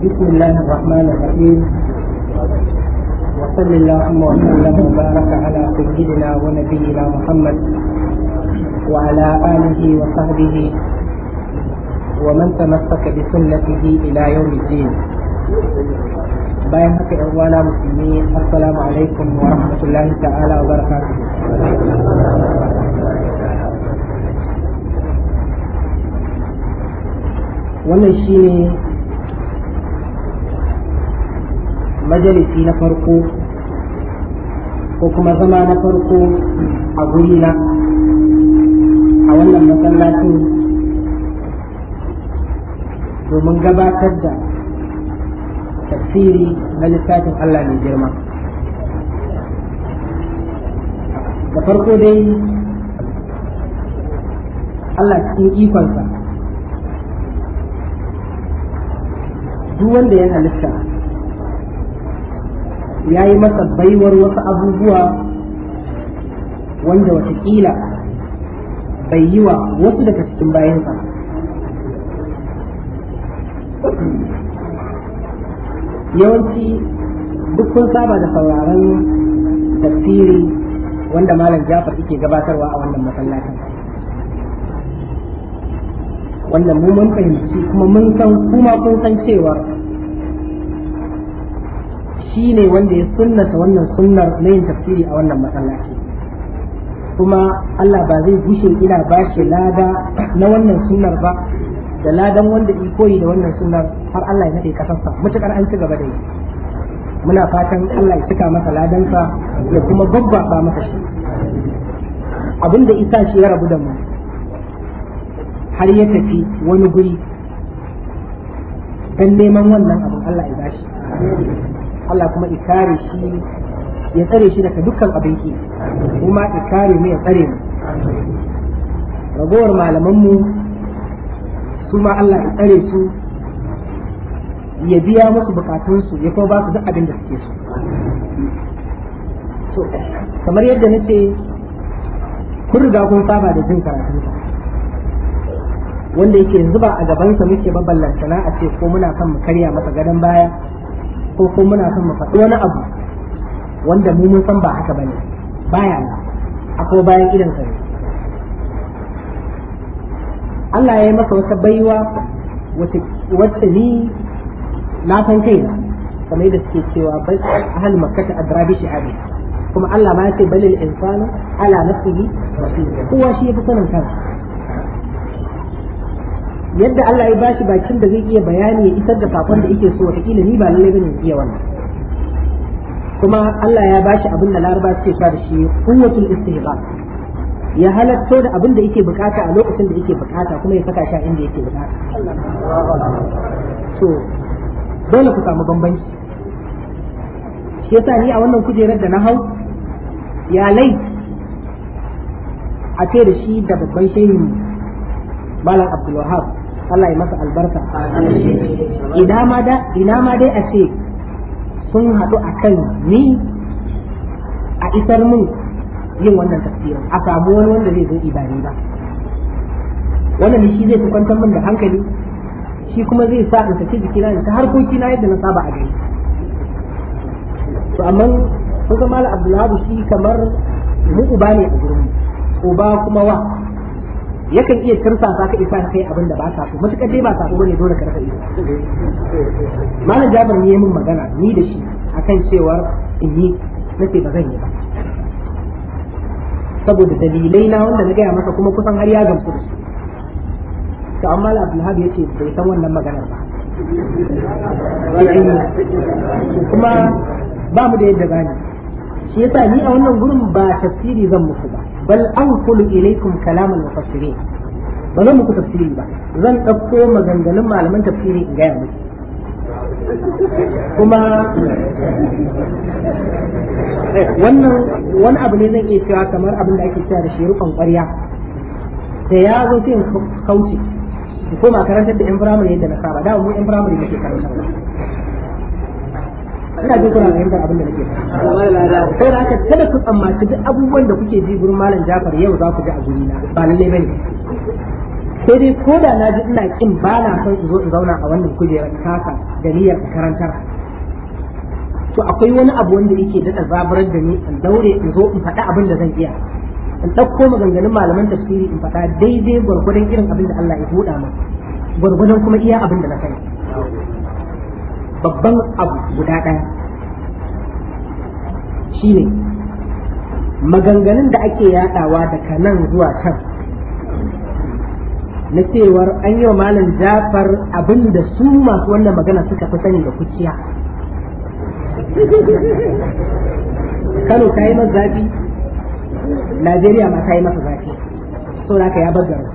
بسم الله الرحمن الرحيم وصل اللهم وسلم وبارك على سيدنا ونبينا محمد وعلى آله وصحبه ومن تمسك بسنته إلى يوم الدين bayan haka yan uwana musulmi assalamu alaikum wa rahmatullahi ta'ala wa majalisi na farko ko kuma zama na farko a guri na a wannan masallacin domin gabatar da tafsiri na littafin Allah mai girma da farko dai Allah cikin ikonsa duk wanda ya halitta ya yi masa baiwar wasu abubuwa wanda watakila bai yi wa wasu daga cikin bayansa yawanci duk kun saba da sauraron tafsiri wanda malam jafar yake gabatarwa a wannan masallacin wannan mu mun fahimci kuma mun san kuma kun san cewa shi ne wanda ya sunnata wannan sunnar na yin tafsiri a wannan masallaci kuma Allah ba zai gushe ina ba shi lada na wannan sunnar ba da ladan wanda ya koyi da wannan sunnar har Allah ya nade kasarsa mutukar an ci gaba da yi muna fatan Allah ya cika masa ladansa ya kuma babbaba masa shi abinda isa shi ya rabu da mu har ya tafi wani guri dan neman wannan abu Allah ya bashi Allah kuma ikare shi ya tsare shi daga dukkan abin ki kuma ikare mu ya tsare mu ragowar malaman mu su ma Allah ya tsare su ya biya musu bukatunsu ya kuma ba su duk abin da suke so kamar yadda nake kun riga kun saba da jin karatun sa wanda yake zuba a gabansa muke lantana a ce ko muna kan mu karya masa gadon baya ko ko muna son mu faɗi wani abu wanda mu mun san ba haka bane baya na akwai bayan idan sa Allah ya yi masa wata baiwa wacce ni na san na, kamar da suke cewa bai ahal makkata adrabi shi'abi kuma Allah ma ya ce balil insanu ala nafsihi basir kowa shi ya fi sanin kansa yadda Allah ya bashi bakin da zai iya bayani ya isar da sakon da yake so wataƙila ni ba lallai bane iya wannan kuma Allah ya bashi abin da Laraba suke cewa da shi quwwatul istihbab ya halatto da abin da yake bukata a lokacin da yake bukata kuma ya saka shi inda yake bukata to dole ku samu bambanci shi yasa ni a wannan kujerar da na hau ya lai a ce da shi da babban shehu malam Abdulwahab Allah ya masa albarka ina ma da ina ma dai a ce sun haɗu akan ni a isar mun yin wannan tafsirin a samu wani wanda zai zo ibari ba wannan shi zai kwantar min da hankali shi kuma zai sa in saki jikina in ta harkoki na yadda na saba a gari to amma kun ga mala abdullahi shi kamar mu uba ne a gurin uba kuma wa yakan iya tirsa ka isa kai abin da ba sa so matukar dai ba so bane dole ka rasa ido malam jabir ne mun magana ni da shi akan cewar in yi ba zan yi ba saboda dalilai na wanda na gaya masa kuma kusan har ya gamsu da su to amma Abdulhab ya ce bai san wannan maganar ba kuma ba mu da yadda gani shi yasa ni a wannan gurin ba tafsiri zan muku ba bal anqulu ilaykum kalam al-mufassirin ba zan muku tafsiri ba zan ɗauko maganganun malaman tafsiri in gaya muku kuma wannan wani abu ne zan iya cewa kamar abin da ake cewa da shi rufan ƙwarya da ya zo sai in kauce ko ma karantar da yan firamare yadda na saba da mu yan firamare nake karantarwa ina jin kuna fahimtar abin da nake faɗa sai da aka kada ku tsammaci duk abubuwan da kuke ji gurin malam Jafar yau za ku ji a gurina ba lalle bane sai dai ko da na ji ina kin ba na son in zo in zauna a wannan kujerar kasa da niyyar karantar to akwai wani abu wanda yake daɗa zaburar da ni in daure in zo in faɗi abin da zan iya in ɗauko maganganun malaman tafsiri in faɗa daidai gwargwadon irin abin da Allah ya buɗa min gwargwadon kuma iya abin da na sani babban abu guda ɗaya shi ne maganganun da ake yaɗawa daga nan zuwa can na cewar an yi wa malam jafar abin da su masu wannan magana suka fi sani da kuciya kano ta yi masa zafi najeriya ma ta yi masa zafi so da ya bar garin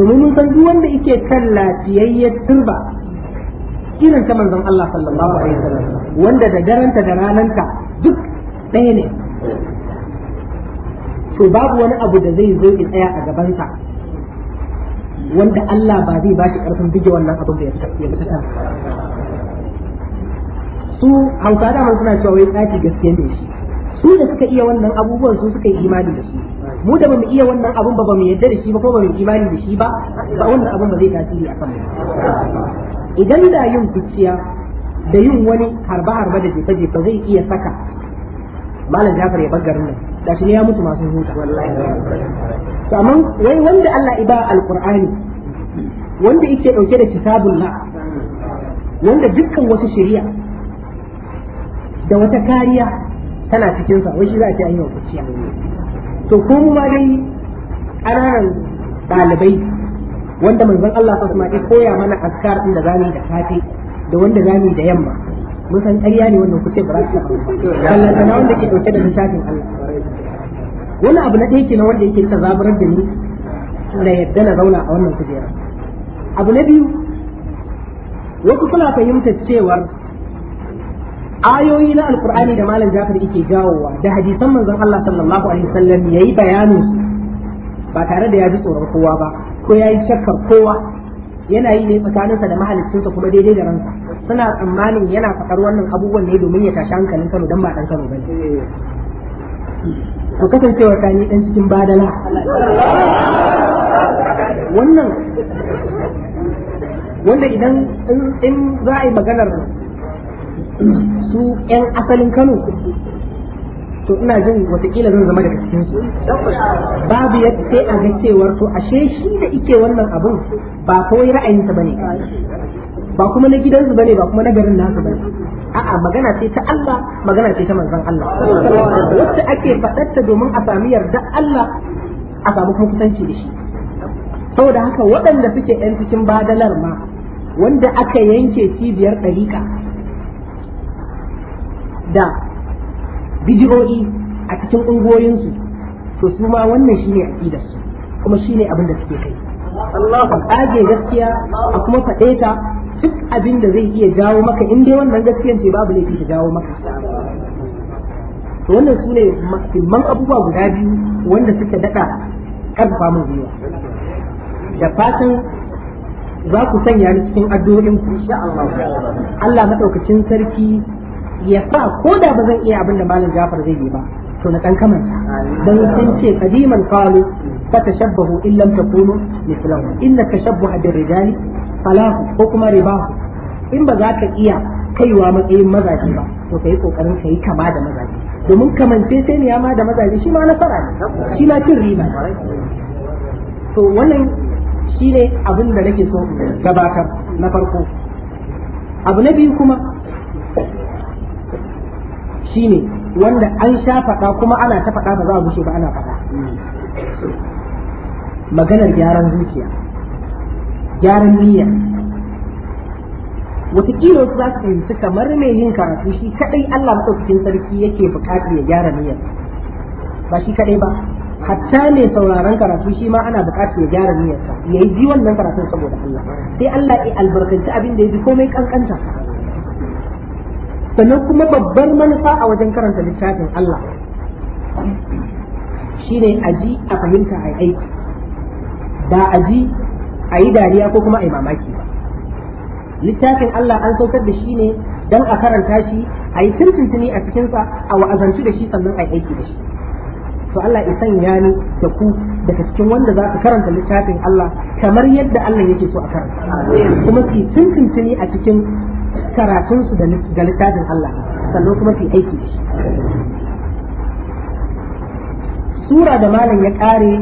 mun san duk wanda yake kan lafiyayyar turba irin ta manzon Allah sallallahu alaihi wasallam wanda da daranta da rananta duk ɗaya ne to babu wani abu da zai zo in tsaya a gabansa wanda Allah ba zai ba shi karfin bige wannan abin da ya fita kansa su hausa da suna cewa wai tsaki gaskiya ne shi su da suka iya wannan abubuwan su suka yi imani da su mu da bamu iya wannan abun ba bamu yadda da shi ba ko bamu imani da shi ba ba wannan abun ba zai tasiri a kanmu idan da yin kuciya da yin wani harba harba da jefa jefa zai iya saka malam Jafar ya bar nan da shi ne ya mutu masu hutu. wallahi to amma wai wanda Allah iba alqur'ani wanda yake dauke da kitabullah wanda dukkan wata shari'a da wata kariya tana cikin sa wai shi za a ce wa yi kuciya to ko mu ma dai ƙananan ɗalibai wanda manzon Allah sa kuma ya koya mana askar din da zamu da safe da wanda zamu da yamma mun san ƙarya ne wannan kuce ba za ku Allah sana wanda ke dauke da lissafin Allah wani abu na ɗaya kenan wanda yake tazaburar da ni na yadda na zauna a wannan kujera abu na biyu wasu suna fahimtar cewar ayoyi na alkur'ani da malam jafar yake jawowa da hadisan manzon Allah sallallahu alaihi wasallam yayi bayanin ba tare da ya ji tsoron kowa ba ko ya yi shakkar kowa yana yi ne tsakaninsa da mahaliccinsa kuma daidai da ransa suna tsammanin yana faɗar wannan abubuwan ne domin ya tashi hankalin Kano don ba ɗan Kano ba. to kasancewa ta ni dan cikin badala wannan wanda idan in za a yi maganar su 'yan asalin Kano to ina jin watakila zan zama daga cikin su babu yadda sai a ga cewar to ashe shi da ike wannan abun ba kawai ra'ayinsa bane ba kuma na gidansu bane ba kuma na garin nasu bane a'a magana ce ta Allah magana ce ta manzon Allah wacce ake faɗarta domin a sami yarda Allah a samu kuma kusanci da shi saboda haka waɗanda suke ɗan cikin badalar ma wanda aka yanke cibiyar ɗariƙa da bidiyoyi a cikin ungoyinsu to su ma wannan shine aqidar su kuma shine abin da suke kai Allah kage gaskiya a kuma faɗe ta duk abin da zai iya jawo maka in dai wannan gaskiyan ce babu laifi da jawo maka to wannan su ne muhimman abubuwa guda biyu wanda suka daɗa ƙarfa mun gwiwa da fatan za ku sanya ni cikin addu'o'in ku insha Allah Allah madaukakin sarki ya sa ko da ba zan iya abin da malam Jafar zai yi ba to na dan kamar dan sun ce qadiman qalu fatashabbahu in lam takunu mislahu inna tashabbuha bir rijali falahu ko kuma ribahu in ba za ka iya kaiwa matsayin mazaje ba to kai kokarin kai kama da mazaje domin kamance sai ne ma da mazaje shi ma nasara ne shi ma cin riba to wannan shi ne abin da nake so gabatar na farko abu na biyu kuma shine wanda an sha faɗa kuma ana ta faɗa ba za a gushe ba ana faɗa maganar gyaran zuciya gyaran niyya Watakila wasu za su fahimci kamar mai yin karatu shi kadai Allah maɗaukakin sarki yake buƙatar ya gyara niyyar ba shi kadai ba hatta mai sauraron karatu shi ma ana buƙatar ya gyara niyyarsa ya yi ji wannan karatun saboda Allah sai Allah ya albarkanci abin da ya ji komai kankanta sannan kuma babbar manufa a wajen karanta littafin Allah shine a a fahimta a aiki ba a ji a yi dariya ko kuma a yi mamaki ba littafin Allah an saukar da shi ne don a karanta shi a yi tuntuntuni a cikinsa a wa'azanci da shi sannan a yi aiki da shi to Allah ya sanya ni da ku daga cikin wanda za su karanta littafin Allah kamar yadda Allah yake so a karanta kuma tuntuntuni a cikin karatun su da littafin Allah sannan kuma su aiki da shi sura da malam ya kare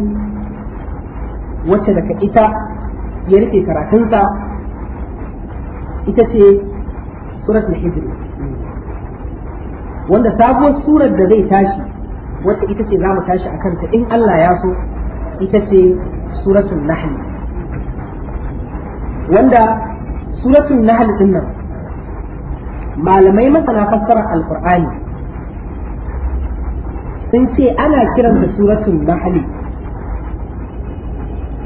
wacce daga ita ya rike karatunsa ita ce surat na hijr wanda sabuwar surar da zai tashi wacce ita ce za mu tashi akan ta in Allah ya so ita ce suratul nahl wanda suratul nahl din nan malamai masana fassara alqur'ani sun ce ana kiranta suratul nahl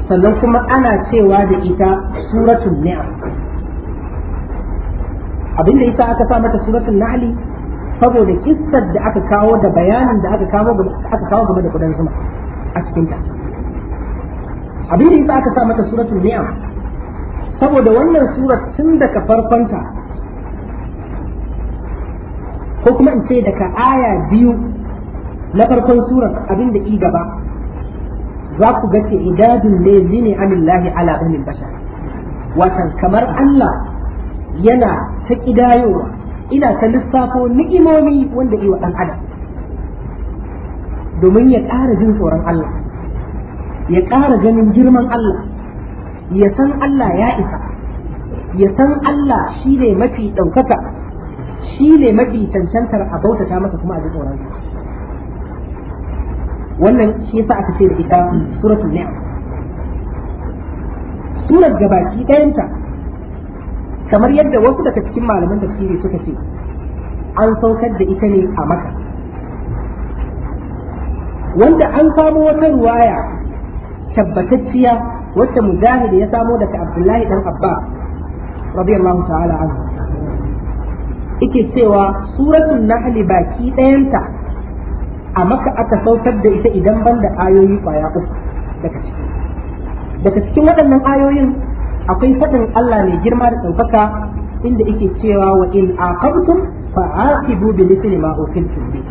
sannan kuma ana cewa da ita suratul ni'am da ita aka sa mata suratul nahl saboda kissar da aka kawo da bayanin da aka kawo game da kudan zuma a cikinta, abin da ita aka sa mata suratul ni'am saboda wannan surat tun daga farkonta ko kuma in ce daga aya biyu na farkon sura abin da i gaba za ku ga ce idadin ne zini anillahi ala banin bashar watan kamar Allah yana ta kidayowa ina ta lissafo ni'imomi wanda iwa dan adam domin ya ƙara jin tsoron Allah ya ƙara ganin girman Allah ya san Allah ya isa ya san Allah shi ne mafi ɗaukaka shi ne mafi cancantar a bautata masa kuma a ji tsoron sa wannan shi yasa aka ce da ita suratul ni'am surar gabaki ɗayanta kamar yadda wasu daga cikin malaman tafsiri suka ce an saukar da ita ne a maka wanda an samo wata ruwaya tabbatacciya wacce mujahid ya samo daga abdullahi dan abba radiyallahu ta'ala anhu yake cewa suratul nahl baki ɗayanta a maka aka saukar da ita idan ban da ayoyi kwaya uku daga ciki daga cikin waɗannan ayoyin akwai faɗin Allah mai girma da ɗaukaka inda yake cewa wa in aqabtum fa bi mithli ma ukiltum bi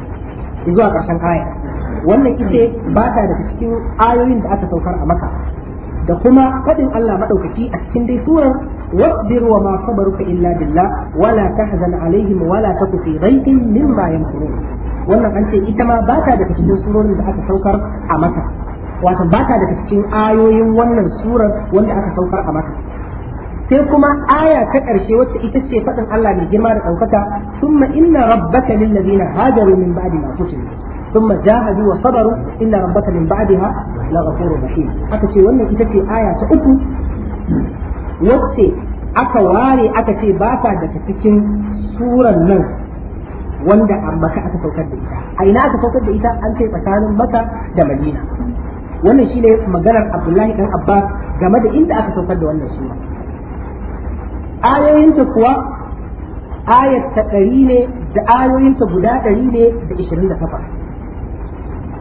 zuwa ƙarshen aya wannan ita ba ta daga cikin ayoyin da aka saukar a maka da kuma faɗin Allah maɗaukaci a cikin dai surar واصبر وما صبرك إلا بالله ولا تحزن عليهم ولا تك في ضيق مما يمكرون wannan an ce ita ma ba ta daga cikin surorin da aka saukar a mata wato ba ta daga cikin ayoyin wannan surar wanda aka saukar a mata sai kuma aya ta ƙarshe wacce ita ce faɗin Allah mai girma da ɗaukaka summa inna rabbaka lil ladina hajaru min ba'di ma futihu thumma jahadu wa sabaru inna rabbaka min ba'daha la ghafurur rahim aka ce wannan ita ce aya ta uku wacce aka ware aka ce ba ta daga cikin suran nan wanda a maka aka saukar da ita a ina aka saukar da ita an ce tsakanin maka da madina wannan shi ne maganar abdullahi dan abbas game da inda aka saukar da wannan sura ayoyinta kuwa ayat ta ɗari ne da ayoyinta guda ɗari ne da ishirin da takwas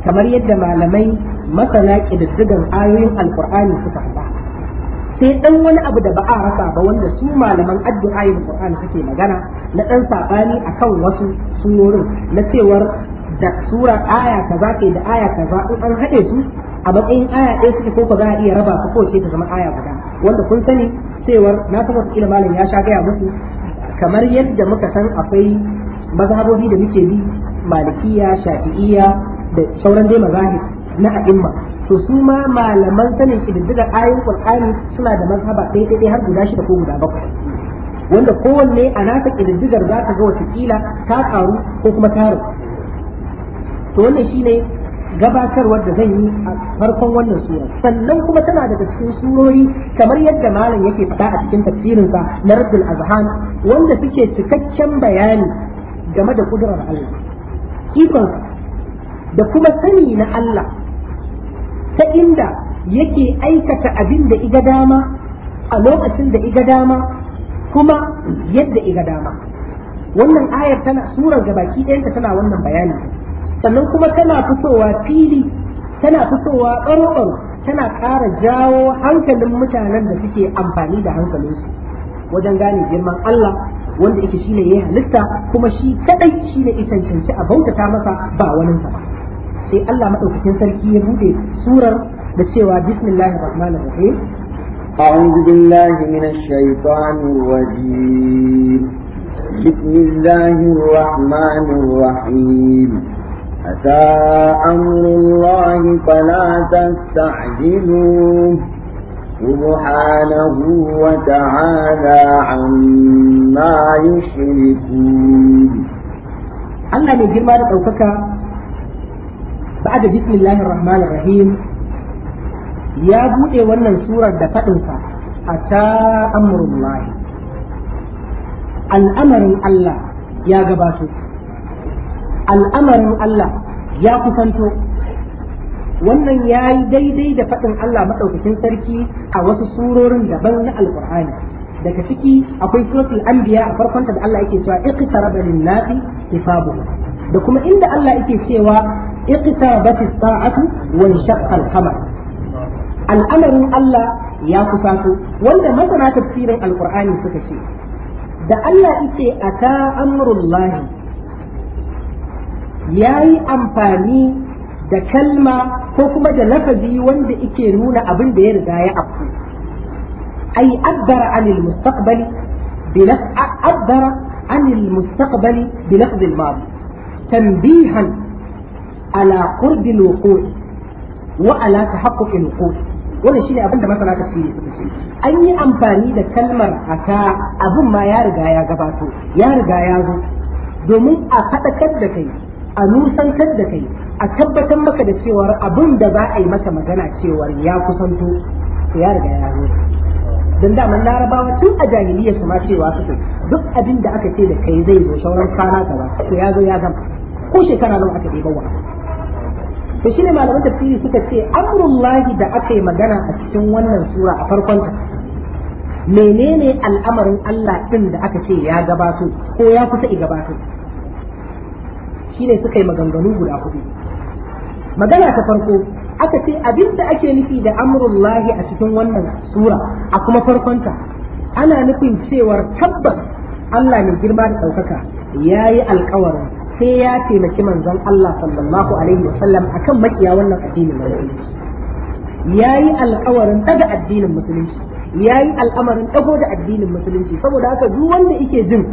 kamar yadda malamai masana ƙididdigan ayoyin alƙur'ani suka faɗa sai dan wani abu da ba a rasa ba wanda su malaman addu'a da Qur'ani suke magana na dan sabani akan wasu surorin na cewar da sura aya kaza ke da aya kaza in an haɗe su a matsayin aya ɗaya suke ko za a iya raba su ko ce ta zama aya guda wanda kun sani cewar na tabbata kila malam ya sha gaya muku kamar yadda muka san akwai mazhabobi da muke bi malikiya shafi'iya da sauran dai mazahib na a'imma to su ma malaman sanin kididdigar ayin qur'ani suna da mazhaba ɗaya ɗaya har guda shida ko guda bakwai wanda kowanne a nasa kididdigar za ka ga wata kila ta karu ko kuma ta to wannan shine gabatarwar da zan yi a farkon wannan sura sannan kuma tana daga cikin surori kamar yadda malam yake faɗa a cikin tafsirin sa na rabbul azhan wanda suke cikakken bayani game da kudurar Allah ikon da kuma sani na Allah ta inda yake aikata abin da iga dama a lokacin da iga dama kuma yadda iga dama wannan ayar tana surar baki ɗayanta tana wannan bayani sannan kuma tana fitowa fili tana fitowa ƙaro tana ƙara jawo hankalin mutanen da suke amfani da hankalinsu wajen gane girman Allah wanda yake shine yayi halitta kuma shi kadai shine itancanci a bautata masa ba wani ba sai Allah madaukakin sarki ya bude surar da cewa bismillahir rahmanir rahim أعوذ بالله من الشيطان الرجيم بسم الله الرحمن الرحيم أتى أمر الله فلا سبحانه وتعالى عما يشركون بعد بسم الله الرحمن الرحيم يا بودي ونن سورة دفتنسا أتى أمر الله الأمر الله يا قباتو الأمر الله يا كفنتو wannan ya yi daidai da faɗin Allah maɗaukacin sarki a wasu surorin daban na alƙur'ani daga ciki akwai suratul anbiya a farkonta da Allah yake cewa iqtaraba lin-nasi hisabuhum da kuma inda Allah yake cewa اقتربت الطاعة وانشق الحمر الأمر ألا يا كفاك وانت ما سمع تفسير القرآن السكتي ده ألا إتي أتى أمر الله ياي أمباني ده كلمة كوكما ده لفدي وانت إتي نونا أبن بير داي أبو أي أدر عن المستقبل بلف أدر عن المستقبل بلفظ الماضي تنبيها ala qurbil wuqu' wa ala tahaqquq al wuqu' wannan abin da masana tafsiri suka ce an yi amfani da kalmar haka abin ma ya riga ya gabato ya riga ya zo domin a faɗakar da kai a nusantar da kai a tabbatar maka da cewar abin da za a yi maka magana cewar ya kusanto to ya riga ya zo don daman larabawa tun a jahiliya su ma cewa suke duk abin da aka ce da kai zai zo shauran kwana gaba to ya zo ya zama ko shekara nawa aka ɗeba wa to ne malaman tafsiri suka ce lahi da aka yi magana a cikin wannan sura a farkon ta menene al'amarin Allah din da aka ce ya gabato ko ya kusa i gabato ne suka yi maganganu guda hudu magana ta farko aka ce abin da ake nufi da lahi a cikin wannan sura a kuma farkonta ana nufin cewar tabbas Allah mai girma da ɗaukaka ya yi alkawarin sai ya taimaki manzon Allah sallallahu alaihi wa wasallam akan makiya wannan addinin musulunci yayi alƙawarin daga addinin musulunci yayi al'amarin dago da addinin musulunci saboda haka duk wanda yake jin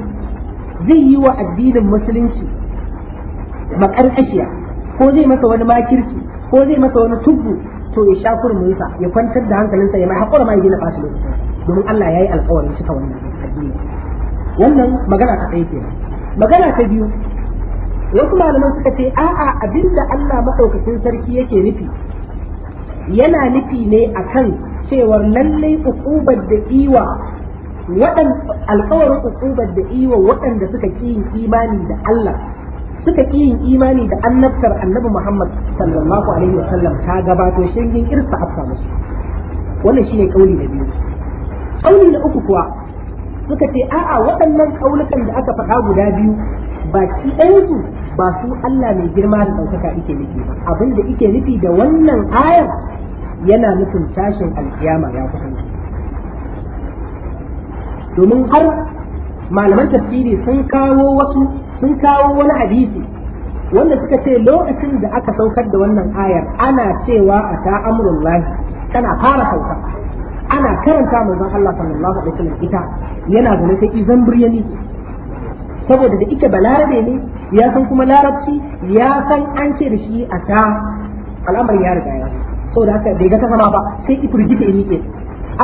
zai yi wa addinin musulunci makarƙashiya ko zai masa wani makirki ko zai masa wani tubbu to ya sha kurminsa ya kwantar da hankalinsa ya mai haƙura ma ya gina ɓata lokaci domin Allah ya yi alƙawarin cika wannan addini wannan magana ta ɗaya kenan magana ta biyu wasu malaman suka ce a'a abinda Allah madaukakin sarki yake nufi yana nufi ne akan cewar lallai ukubar da iwa waɗan alƙawarin ukubar da iwa waɗanda suka kiyin imani da Allah suka kiyin imani da annabtar annabi Muhammad sallallahu alaihi wa sallam ta gabato shingin irsa afsa musu wannan shine kauli da biyu kauli da uku kuwa suka ce a'a waɗannan kaulukan da aka faɗa guda biyu baki ɗansu ba su Allah mai girma da ɗaukaka ike nufi ba abin da ike nufi da wannan ayar yana nufin tashin alkiyama ya kusan domin har malaman tafsiri sun kawo wasu sun kawo wani hadisi wanda suka ce lokacin da aka saukar da wannan ayar ana cewa a ta tana fara sauka ana karanta manzon Allah sallallahu alaihi wasallam ita yana zama sai izan biryani saboda da ike balarabe ne ya san kuma larabci ya san an ce da shi a ta al'amari ya riga ya da haka bai ga ta sama ba sai ki firgita ya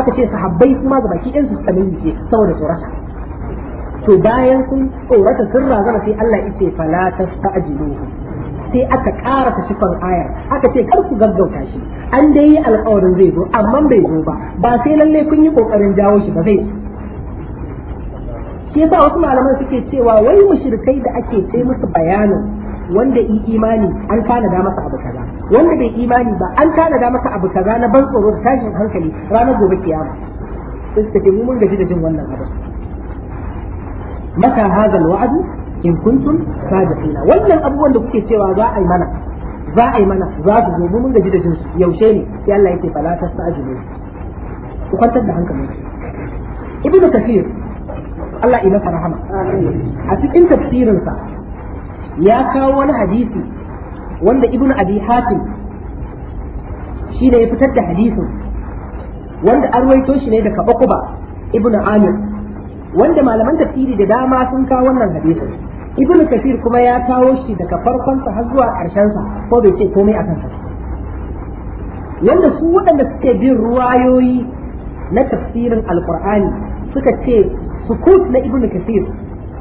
aka ce sahabbai kuma ga baki ɗansu suka miƙe saboda tsorata to bayan sun tsorata sun razana sai Allah ya ce fala tasta'jiluhu sai aka ƙara ta cikon ayar aka ce kar ku gaggauta shi an dai yi alƙawarin zai zo amma bai zo ba ba sai lalle kun yi ƙoƙarin jawo shi ba zai shi yasa wasu malaman suke cewa wai mushrikai da ake sai musu bayanin wanda in imani an da masa abu kaza wanda bai imani ba an da masa abu kaza na ban tsoro da tashin hankali ranar gobe kiyama sai suka ce mu mun gaji da jin wannan abu mata hadha alwa'd in kuntum sadiqina wannan abubuwan da kuke cewa za a yi mana za a yi mana za su zo mun gaji da jin su yaushe ne sai Allah yake fala tastajinu ku kwantar da hankalinku ibnu kathir Allah ina sa a cikin tafsirinsa ya kawo wani hadisi wanda ibn abi hatim shi ne ya fitar da hadisin wanda an shi ne daga ibn Amir wanda malaman tafsiri da dama sun kawo wannan hadisin ibn kafir kuma ya kawo shi daga farkon sa har zuwa karshen sa ko bai ce komai akan sa yanda su waɗanda suke bin ruwayoyi na tafsirin alqur'ani suka ce sukut na ibnu kasir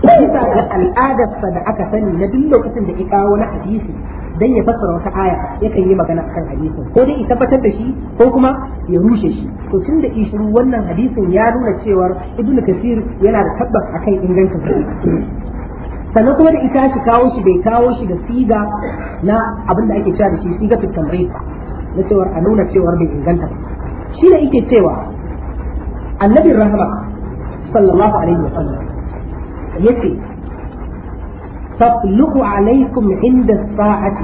bisa ga al'adarsa da aka sani na duk lokacin da ya kawo na hadisi dan ya fassara wata aya yakan yi magana kan hadisin ko dai ya tabbatar da shi ko kuma ya rushe shi to tun da ishiru wannan hadisin ya nuna cewar ibnu kasir yana da tabbas akan ingancin sannan kuma da ita shi kawo shi bai kawo shi da siga na abin da ake cewa da shi siga fitamri na cewar a nuna cewar bai inganta ba shi da yake cewa annabin rahama صلى الله عليه وسلم يكي تطلق عليكم عند الساعة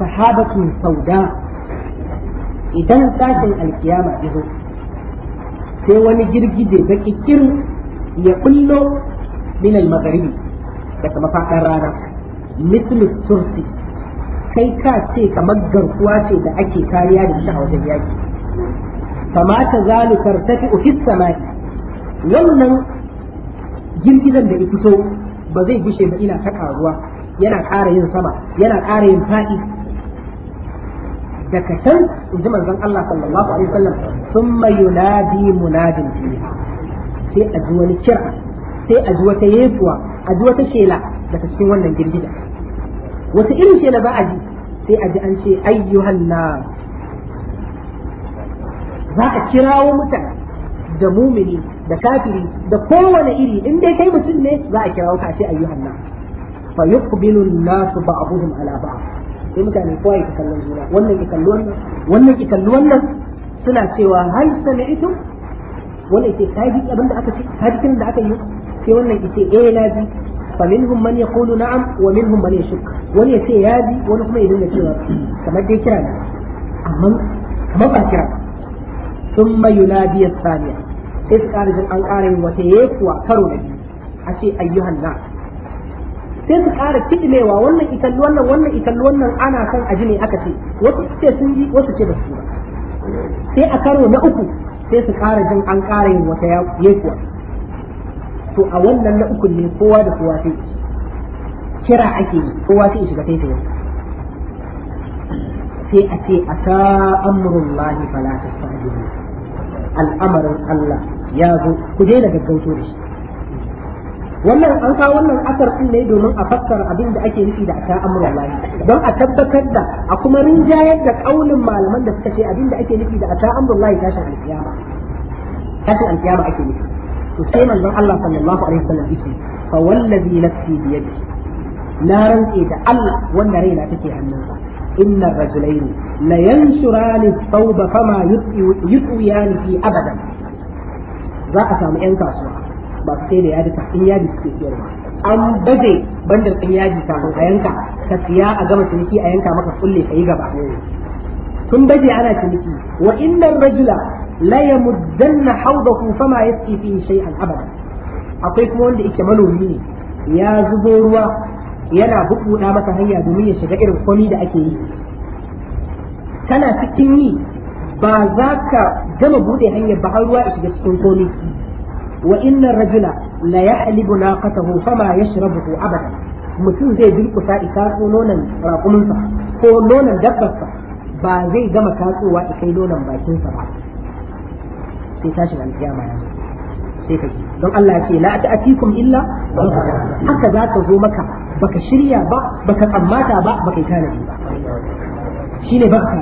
سحابة سوداء إذا ساعة القيامة به سيوان جرجد بكي كر يقول من المغرب كما فعل رانا مثل السرس كي كاتي كمجر كواتي لأكي كاريان الشهوة الياجي فما تزال ترتفع في السماء wannan girgizan da ya fito ba zai gushe ba ina ta karuwa yana ƙara yin sama yana ƙara yin faɗi daga can in ji manzon Allah sallallahu alaihi wasallam thumma yunadi munadin fiha sai a ji wani kira sai a ji wata yesuwa a ji wata shela daga cikin wannan girgiza wata irin shela za a ji sai a ji an ce ayyuhan na za a kirawo mutane da mumini da kafiri da kowane iri in dai kai mutum ne za a kira ka ce ayyuhan nas fa yuqbilu an-nas ba'dhum ala ba'd sai mutane kowa ya kallon juna wannan ki kalli wannan wannan wannan suna cewa hal sami'tum wannan ke kai abin da aka ce kai da aka yi sai wannan ke ce eh na ji fa minhum man yaqulu na'am wa minhum man yashuk wani ya ce ya ji wani kuma ya dinga cewa kamar dai kira ne amma kamar ba kira ثم ينادي الثانيه sai su kara jin an ƙara yin wata yekuwa karo na biyu a ce ayyuhan na sai su kara kiɗimewa wannan ikalli wannan wannan ikalli wannan ana son aji ne aka ce wasu ce sun ji wasu ce ba su ba sai a karo na uku sai su kara jin an ƙara yin wata yekuwa to a wannan na uku ne kowa da kowa sai kira ake yi kowa sai shiga yi? sai a ce a ta amurin lahi fala ta al'amarin Allah ya zo ku daina gaggauto da shi wannan an kawo wannan asar din ne domin a fassara abin da ake nufi da aka amur wallahi don a tabbatar da a kuma rinjayar da kaulin malaman da suka ce abin da ake nufi da aka amur wallahi tashin alkiyama tashin alkiyama ake nufi to sai manzon Allah sallallahu alaihi wasallam yake fa wallazi nafsi bi yadi na rantse da Allah wanda raina take hannunsa inna rajulaini la yansurani thawba fama yutwi yutwiyani fi abadan za a samu yan kasuwa masu sai da yadi in yadi suke siyarwa an baje bandar ɗin yadi kafin a yanka ka siya a gama ciniki a yanka maka kulle ka yi gaba tun baje ana ciniki wa innan rajula la yamuddanna hawdahu fama yasqi fihi shay'an abada akwai kuma wanda yake manomi ne ya zubo ruwa yana bubuɗa masa hanya domin ya shiga irin kwami da ake yi kana cikin yi ba za ka gama bude hanyar ba har ruwa ya shiga cikin komai wa inna rajula la yahlibu naqatahu fama yashrabuhu abada mutum zai durkusa ikaso nonon raƙuminsa ko nonon dabbarsa ba zai gama katsowa ikai nonon bakinsa ba sai tashin alkiyama ya sai ka don Allah ya ce la ta'atikum illa haka za ka zo maka baka shirya ba baka tsammata ba baka yi tanadi ba shine baka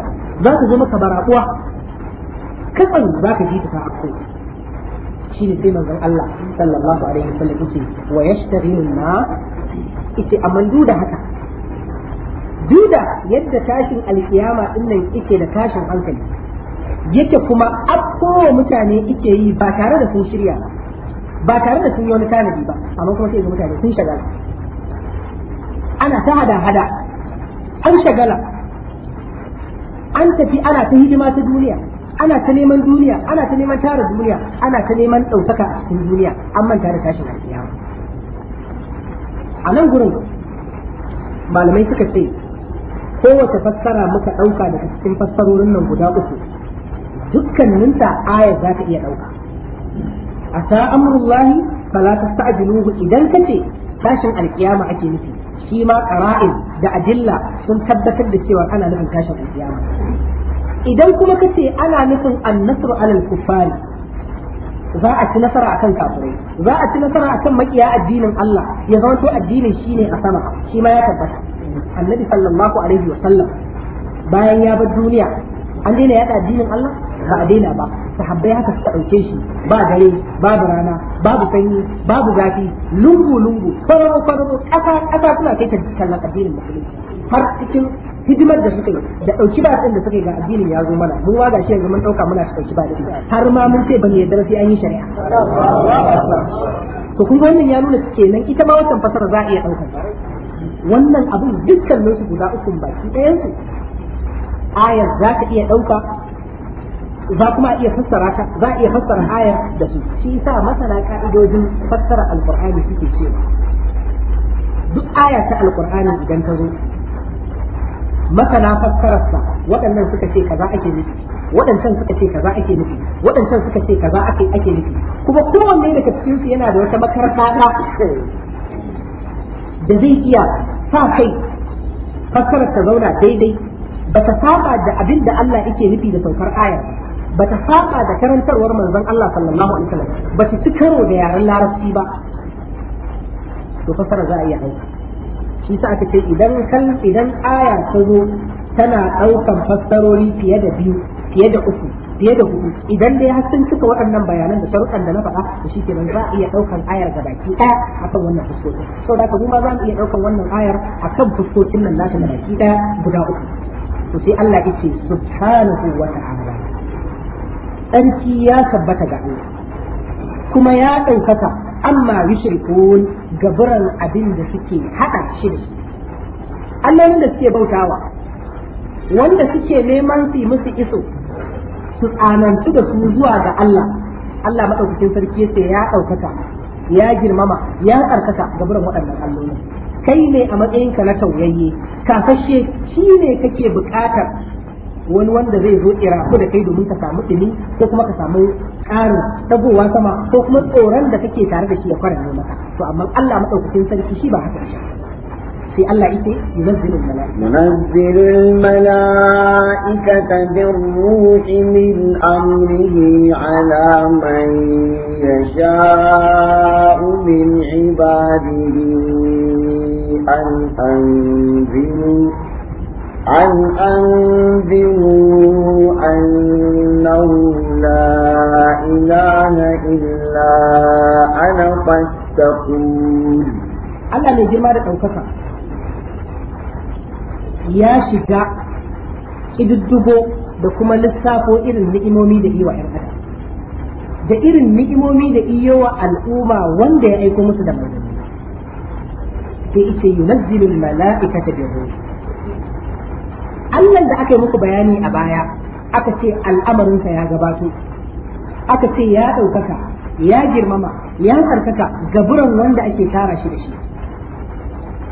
za ka zo maka barakuwa katsan za ka ji ta ta akwai shi ne sai manzon Allah sallallahu alaihi wasallam yace wa yashtaghilu na yace amma duda haka duda yadda tashin alkiyama din nan yake da tashin hankali yake kuma afkowa mutane yake yi ba tare da sun shirya ba tare da sun yi wani tanadi ba amma kuma sai ga mutane sun shagala ana ta hada hada an shagala an tafi ana ta hidima ta duniya ana ta neman duniya ana ta neman tara duniya ana ta neman ɗaukaka a cikin duniya an manta da tashin alkiyama a nan gurin malamai suka ce kowace fassara muka ɗauka daga cikin fassarorin nan guda uku dukkaninta aya za ta iya ɗauka a ta amurullahi fala ta sta'jiluhu idan ce tashin alkiyama ake nufi shi ma ƙara'in da adilla sun tabbatar da cewa ana nufin tashin alkiyama idan kuma ka ce ana nufin annasru alal kuffari za a ci nasara akan kafirai za a ci nasara akan makiya addinin Allah ya zama to addinin shine a sama shi ma ya tabbata annabi sallallahu alaihi wa sallam bayan ya bar duniya an daina yada addinin Allah ba a daina ba sahabbai haka suka dauke shi ba dare babu rana babu sanyi babu zafi lungu lungu farko farko kasa kasa suna kai ta kallon addinin musulunci har cikin hidimar da suka yi da ɗauki ba da suka yi ga addinin ya zo mana mu ma shi yanzu mun dauka muna ɗauki ba da har ma mun ce ban yarda sai an yi shari'a to kun wannan ya nuna kenan ita ma wannan fasara za a iya daukar wannan abin dukkan su guda uku baki ɗayan su ayar za ka iya ɗauka za kuma iya fassara ka za iya fassara ayar da su shi yasa masana ka'idojin fassara alqur'ani suke cewa duk aya ta alqur'ani idan ta zo masana fassararsa waɗannan suka ce kaza ake nufi waɗancan suka ce kaza ake nufi waɗancan suka ce kaza ake ake nufi kuma kowanne daga cikin su yana da wata makaranta da zai iya sa kai fassarar ta zauna daidai ba ta saba da abin da Allah yake nufi da saukar ayar ba ta saba da karantarwar manzon Allah sallallahu alaihi wasallam ba ta ci karo da yaren larabci ba to fassara za a iya ɗauka shi sa aka ce idan kan idan aya ta zo tana ɗaukan fassarori fiye da biyu fiye da uku fiye da hudu idan dai har sun cika waɗannan bayanan da sharuɗan da na faɗa to shi kenan za a iya ɗaukan ayar ga baki ɗaya akan wannan fuskoki so da mu ma za mu iya ɗaukan wannan ayar akan fuskokin nan nata na baki ɗaya guda uku to sai Allah yake subhanahu wa ta'ala tsarki ya tabbata ga Allah kuma ya ɗaukaka amma yushrikun gaburan abin da suke hada shi da shi da suke bautawa wanda suke neman su musu iso su tsanantu da su zuwa ga Allah Allah madaukakin sarki sai ya daukaka ya girmama ya tsarkaka gaburan waɗannan allolin kai ne a matsayinka na tauyayye Kasashe shi ne kake buƙatar wani wanda zai zo kira ku da kai domin ka samu dumi ko kuma ka samu ƙarin dagowa sama ko kuma tsoron da kake tare da shi ya faranta maka to amma Allah madaukakin sarki shi ba haka shi sai Allah yake yunazzilu malaika yunazzilul malaikata birruhi min amrihi ala man yasha'u min ibadihi an anzilu أن أنذروا أنه لا إله إلا أنا فاتقون Allah mai girma يا ɗaukaka إذ الدبو ƙididdigo da kuma lissafo irin ni'imomi da iwa da irin ni'imomi da iyo wa al'umma wanda ya aiko musu da manzanni sai ita yunazzilul mala'ikata bi ruhi Allah da aka yi muku bayani a baya aka ce al'amarinsa ya gabato aka ce ya ɗaukaka ya girmama ya tsarkaka gaburan wanda ake tara shi da shi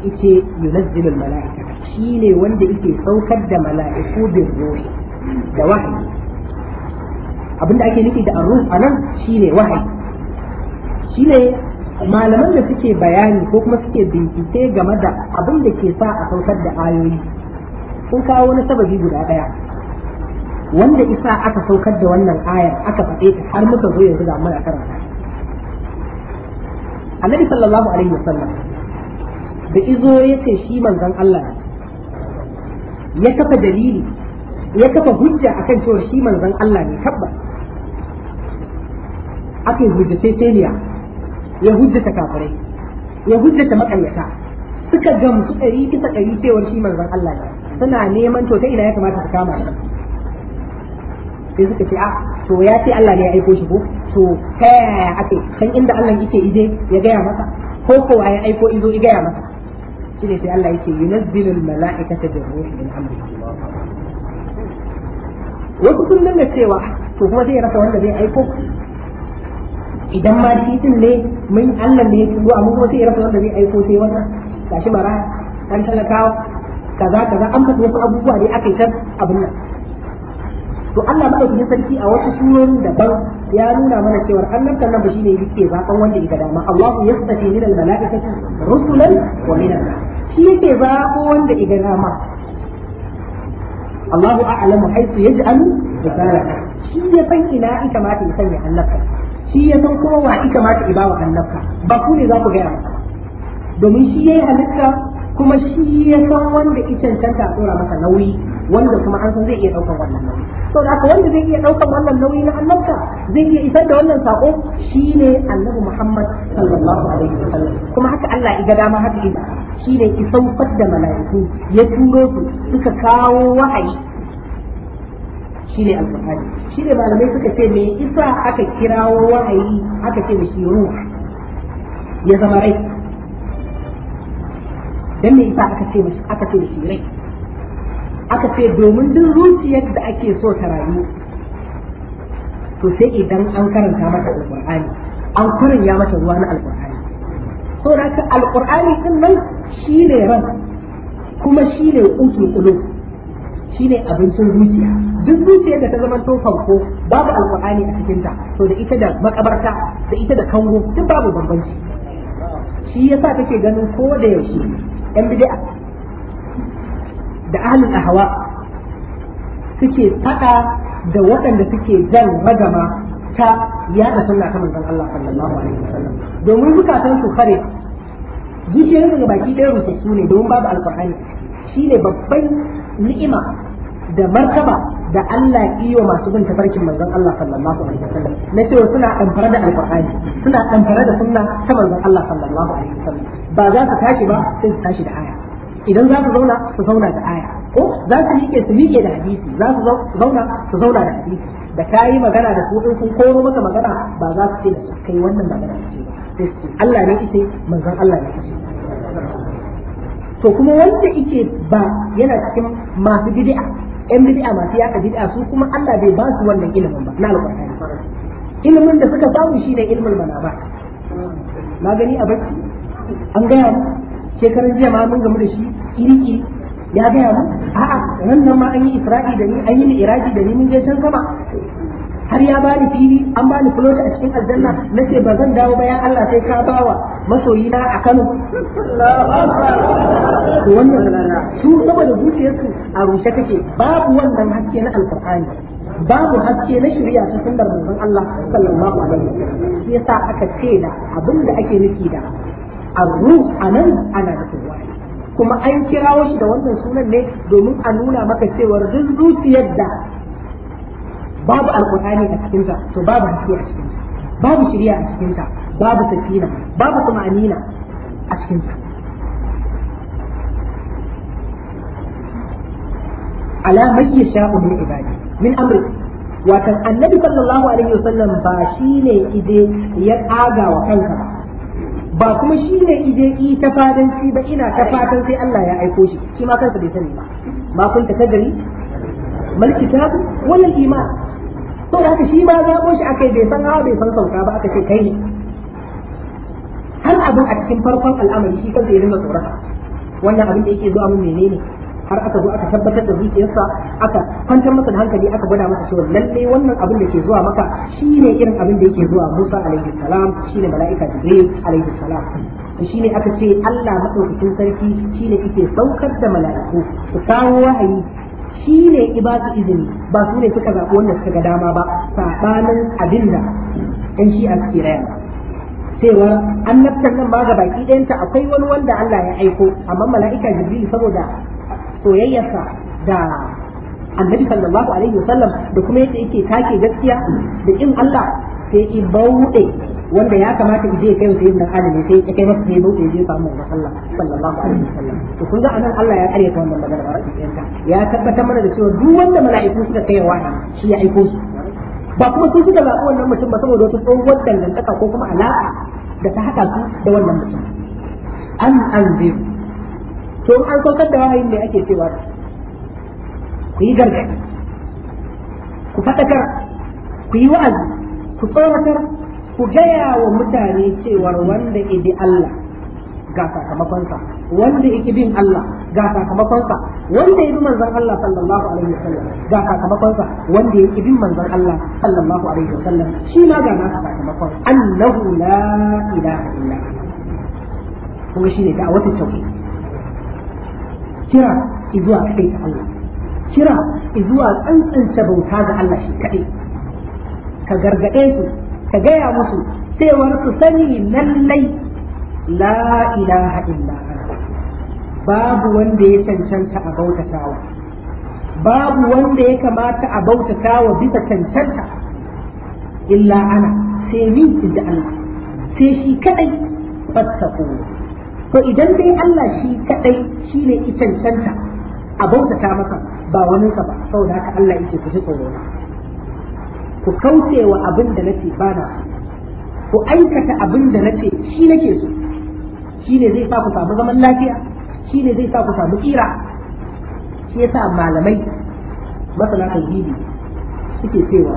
yake yunazzilul mala'ika shi ne wanda yake saukar da mala'iku bin ruhi da wahayi abinda ake nufi da a anan shi ne wahayi shi ne malaman da suke bayani ko kuma suke bincike game da abin da ke sa a saukar da ayoyi sun kawo wani sababi guda ɗaya, wanda isa aka saukar da wannan ayar aka faɗe ta har muka zo yanzu ga muna karanta annabi sallallahu alaihi wasallam da izo ya ce shi manzon Allah ya kafa dalili ya kafa hujja akan cewa shi manzon Allah ne tabbas aka yi hujja sai hujjaceceniya ya hujjata kafirai ya hujjata makaryata suka gamsu ɗari kisa ɗari cewa shi manzon Allah ne suna neman to ta ina ya kamata su kama sai suka ce a ah, to ya ce Allah ne ya aiko shi ko to ta yaya ake san inda Allah yake ije ya gaya masa ko ko ya aiko izo ya gaya masa shi ne sai Allah yake yunazzilu almala'ikata bi ruhi min amri wasu sun dinga cewa to kuma zai rasa wanda zai aiko idan ma shi ne mun Allah ne ya turo amma kuma sai rasa wanda zai aiko sai wannan gashi bara dan talakawa kaza kaza an faɗi wasu abubuwa ne aka yi kan abin nan to Allah madaukakin sarki a wasu surorin daban ya nuna mana cewa annabtan nan ba shine yake zaban wanda yake dama Allahu yastafi min al-mala'ikati rusulan wa min an shi yake zabo wanda yake dama Allahu a'lamu haythu yaj'alu risalata shi ya san ina in kamata ya sanya annabta shi ya san kuma wa in kamata ya bawa annabta ba ku ne za ku gaya masa domin shi yayi halitta kuma shi ya san wanda ya cancanta ta tsora masa nauyi wanda kuma an san zai iya ɗaukar wannan nauyi to da aka wanda zai iya ɗaukar wannan nauyi na annabta zai iya isar da wannan sako shine annabi Muhammad sallallahu alaihi wasallam kuma haka Allah iga dama haka ida shine ki saukar da mala'iku ya turo su suka kawo wahayi shine alqur'ani shine malamai suka ce me isa aka kirawo wahayi aka ce mishi ruh ya zama rai dan me yasa aka ce mishi aka ce shi rai aka ce domin duk zuciyar da ake so ta rayu to sai idan an karanta mata alqur'ani an kurin ya mata ruwa na alqur'ani so da ka alqur'ani din nan shi ne ran kuma shi ne usul qulub shi ne abincin zuciya duk zuciyar da ta zama to fanko babu alqur'ani a cikin ta to da ita da makabarta da ita da kango duk babu bambanci shi yasa take ganin ko da yaushe yan bidi'a da a Hawa suke fada da waɗanda suke zan ragama ta yada sunna ta manzon Allah sallallahu alaihi wasallam domin zukatan su kare gishiyoyin daga baki ɗaya rusassu ne domin babu alƙur'ani shine babban ni'ima da martaba da Allah iyo masu bin tafarkin manzon Allah sallallahu alaihi wasallam na cewa suna amfara da alqur'ani suna amfara da sunna ta manzon Allah sallallahu alaihi wasallam ba za su tashi ba sai su tashi da aya idan za su zauna su zauna da aya ko za su miƙe su miƙe da hadisi za su zauna su zauna da hadisi da yi magana da su in sun koro maka magana ba za su ce da kai wannan magana ce ba sai Allah ne yake manzon Allah ne yake to kuma wanda yake ba yana cikin masu bid'a yan bid'a masu yaka bid'a su kuma Allah bai ba su wannan ilimin ba na alƙur'ani ilimin da suka samu shi ne ilimin manaba na gani a bacci an gaya mu shekaran jiya ma mun gamu da shi iri ya gaya mu a'a nan nan ma an yi isra'i da ni an yi iraki da ni mun je can sama har ya bani fili an bani fulota a cikin aljanna nace ba zan dawo bayan Allah sai ka bawa masoyi na a Kano wannan su saboda su a rushe take babu wannan haske na alqur'ani babu haske na shari'a ta sunnar manzon Allah sallallahu alaihi wasallam shi yasa aka ce da abinda ake nufi da arru anan ana da wani kuma an kirawo shi da wannan sunan ne domin a nuna maka cewar duk zuciyar da babu alqur'ani a cikin ta to babu haske a cikin ta babu shirya a cikin ta babu safina babu amina a cikin ta ala man yasha'u min ibadi min amri wato annabi sallallahu alaihi wasallam ba shine ide ya kaga wa kanka ba ba kuma shine ne ije yi ta fadanci ba ina ta fatan sai Allah ya aiko shi shi ma kansa bai sani ba ma kun ta gari mal kitab wal iman to da shi ma zaɓo shi akai bai san hawa bai san sauka ba aka ce kai ne har abin a cikin farkon al'amari shi kansa ya rinka tsorata wannan abin da yake zuwa mun menene har aka zo aka tabbatar da zuciyarsa aka kwantar masa da hankali aka gwada masa cewa lalle wannan abin da ke zuwa maka shine irin abin da yake zuwa Musa alaihi salam shine mala'ika Jibril alaihi salam ne aka ce Allah madaukakin sarki shine yake saukar da mala'iku su kawo wahayi shi ne ibadu izini ba su ne suka zaɓi wanda suka ga dama ba saɓanin abinda ɗan shi a suke raya cewar annabtar nan ma ga baki ɗayanta akwai wani wanda Allah ya aiko amma mala'ika jibril saboda soyayyarsa da annabi sallallahu alaihi wasallam da kuma yadda yake take gaskiya da in Allah sai i bauɗe wanda ya kamata ije kai sai dan ne sai ya kai masa sai bauɗe je samu wa sallah sallallahu alaihi wasallam to kun ga anan Allah ya karya ta wannan magana ba rakin ya tabbatar mana da cewa duk wanda mala'iku suka kai wa shi ya aiko su ba kuma sun suka zaɓi wannan mutum ba saboda wata tsohuwar dangantaka ko kuma ala'a da ta haɗa su da wannan mutum an an zai to an saukar da wahayin ne ake cewa ku yi gargaɗi ku faɗakar ku yi wa'azi ku tsoratar ku gaya wa mutane cewar wanda ya bi Allah ga sakamakonsa wanda yake bin Allah ga sakamakonsa wanda ya bi manzon Allah sallallahu alaihi wasallam ga sakamakonsa wanda yake bin manzon Allah sallallahu alaihi wasallam shi ma ga nasa sakamakon annahu la ilaha illa kuma shine da'awatul tauhid kira izuwa kai ta Allah kira izuwa tsantsance bauta ga Allah shi kadai ka gargaɗe su ka gaya musu cewar su sani lallai la ilaha illa babu wanda ya cancanta a bautatawa babu wanda ya kamata a bautatawa bisa cancanta illa ana sai ni ji Allah sai shi kadai fattako to idan dai Allah shi kadai shi ne cancanta a bautata masa ba wani ka ba saboda haka Allah yake ku ji tsoro ku kauce wa abin da nace ba na ku aikata abin da nace shi nake so shi ne zai sa ku samu zaman lafiya shi ne zai sa ku samu kira shi yasa malamai masana tauhidi suke cewa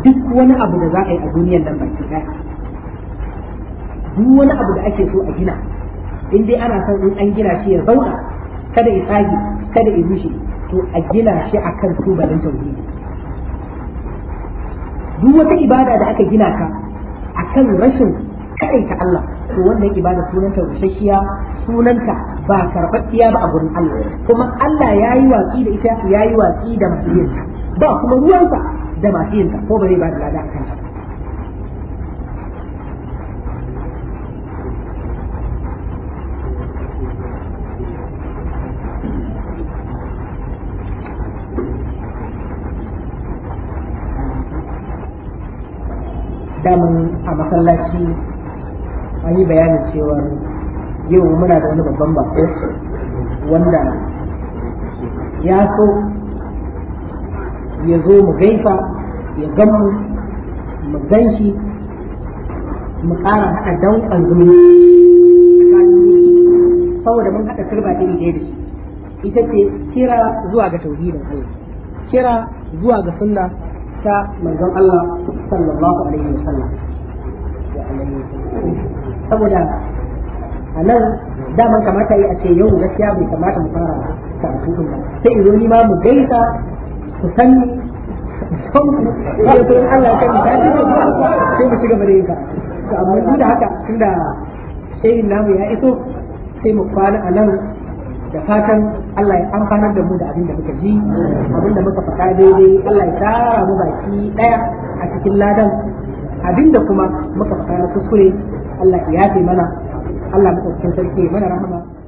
duk wani abu da za a yi a duniyar nan baki daya duk wani abu da ake so a gina in dai ana son in an gina shi ya zauna kada ya tsage kada ya rushe to a gina shi akan tubalin tauhidi duk wata ibada da aka gina ka akan rashin kaɗaita Allah to wannan ibada sunanta rusasshiya sunanta ba karɓaɗɗiya ba a gurin Allah kuma Allah ya yi watsi da ita ya yi watsi da masu ba kuma ruwansa da masu ko ba zai ba da lada a kanta damun a masallaci an yi bayanin cewa yau muna da wani babban bako wanda ya so ya zo mu gaifa ya gamu mu gan mu ƙara haɗa danƙon zumunci saboda mun haɗa turba iri ɗaya da shi ita ce kira zuwa ga tauhidin Allah kira zuwa ga sunna ta manzon Allah sallallahu alaihi wa sallam saboda a nan daman kamata yi a ce yau gaskiya bai kamata mu fara cikin ba sai in ni ma mu gaisa ku sani sai ko Allah ya kani sai sai mu shiga bare ka amma duk da haka tunda sai namu ya iso sai mu kwana a nan da fatan Allah ya amfanar da mu da abin da muka ji abin da muka faɗa daidai Allah ya tara mu baki daya a cikin ladan abin da kuma muka faɗa na kuskure Allah ya yafe mana Allah mu sarki mana rahama